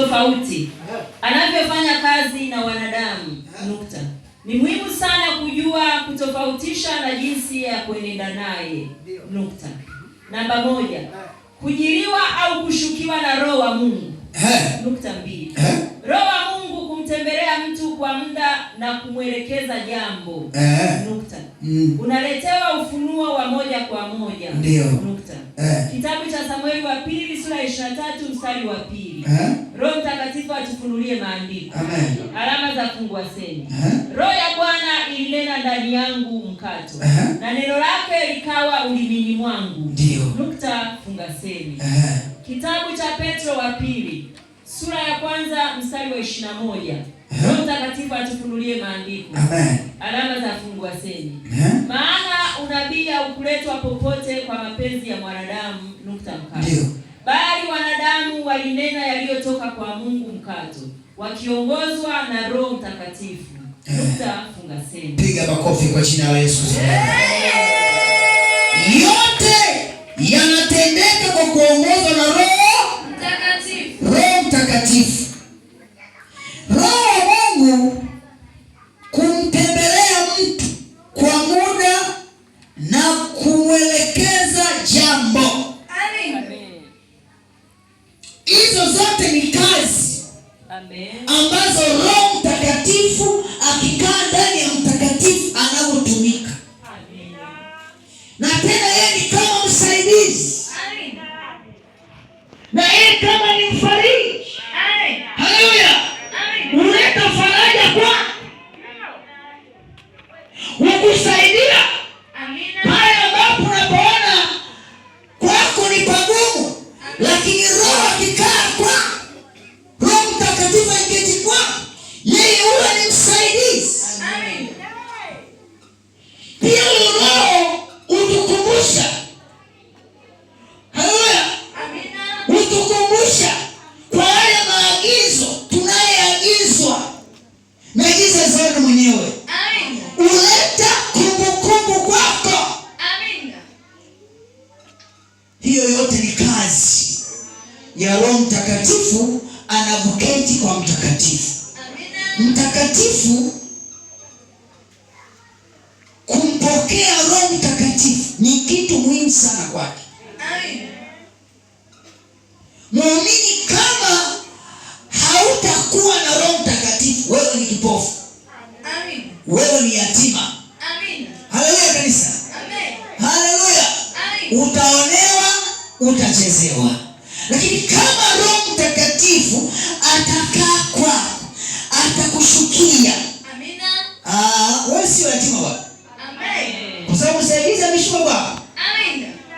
tofauti anavyofanya kazi na wanadamu nukta. Ni muhimu sana kujua kutofautisha na jinsi ya kuenenda naye nukta. Namba moja, kujiliwa au kushukiwa na roho wa Mungu nukta mbili. Roho wa Mungu kumtembelea mtu kwa muda na kumwelekeza jambo nukta. Mm. Unaletewa ufunuo wa moja kwa moja ndio nukta. Kitabu cha Samueli wa pili sura ya 23 mstari wa pili. Eh? Roho Mtakatifu atufunulie maandiko. Amen. Alama za fungu asema, eh? Roho ya Bwana ilinena ndani yangu mkato, eh? na neno lake likawa ulimini mwangu. Ndio. Nukta seni Kitabu cha Petro wa pili sura ya kwanza mstari wa 21 Roho Mtakatifu atufunulie maandiko. Amen. Alama za fungu asemi, maana unabii haukuletwa popote kwa mapenzi ya mwanadamu, nukta mkato. Ndio bali wanadamu walinena yaliyotoka kwa Mungu mkato, wakiongozwa na Roho Mtakatifu. Nukta eh. sema. Piga makofi kwa jina la Yesu. Yote yanatendeka kwa kuongozwa na Roho Mtakatifu. Roho Mtakatifu. Amen. ya Roho Mtakatifu anavuketi kwa mtakatifu. Mtakatifu kumpokea Roho Mtakatifu ni kitu muhimu sana kwake muumini. Kama hautakuwa na Roho Mtakatifu, wewe ni kipofu, wewe ni yatima. Haleluya kanisa, haleluya! Utaonewa, utachezewa lakini kama Roho Mtakatifu atakaa kwa atakushukia. Ah, wewe yatima bwana. Kwa sababu msaidizi ameshuka bwana.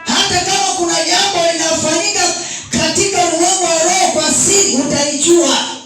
Hata kama kuna jambo linafanyika katika ulimwengu wa roho kwa siri utalijua.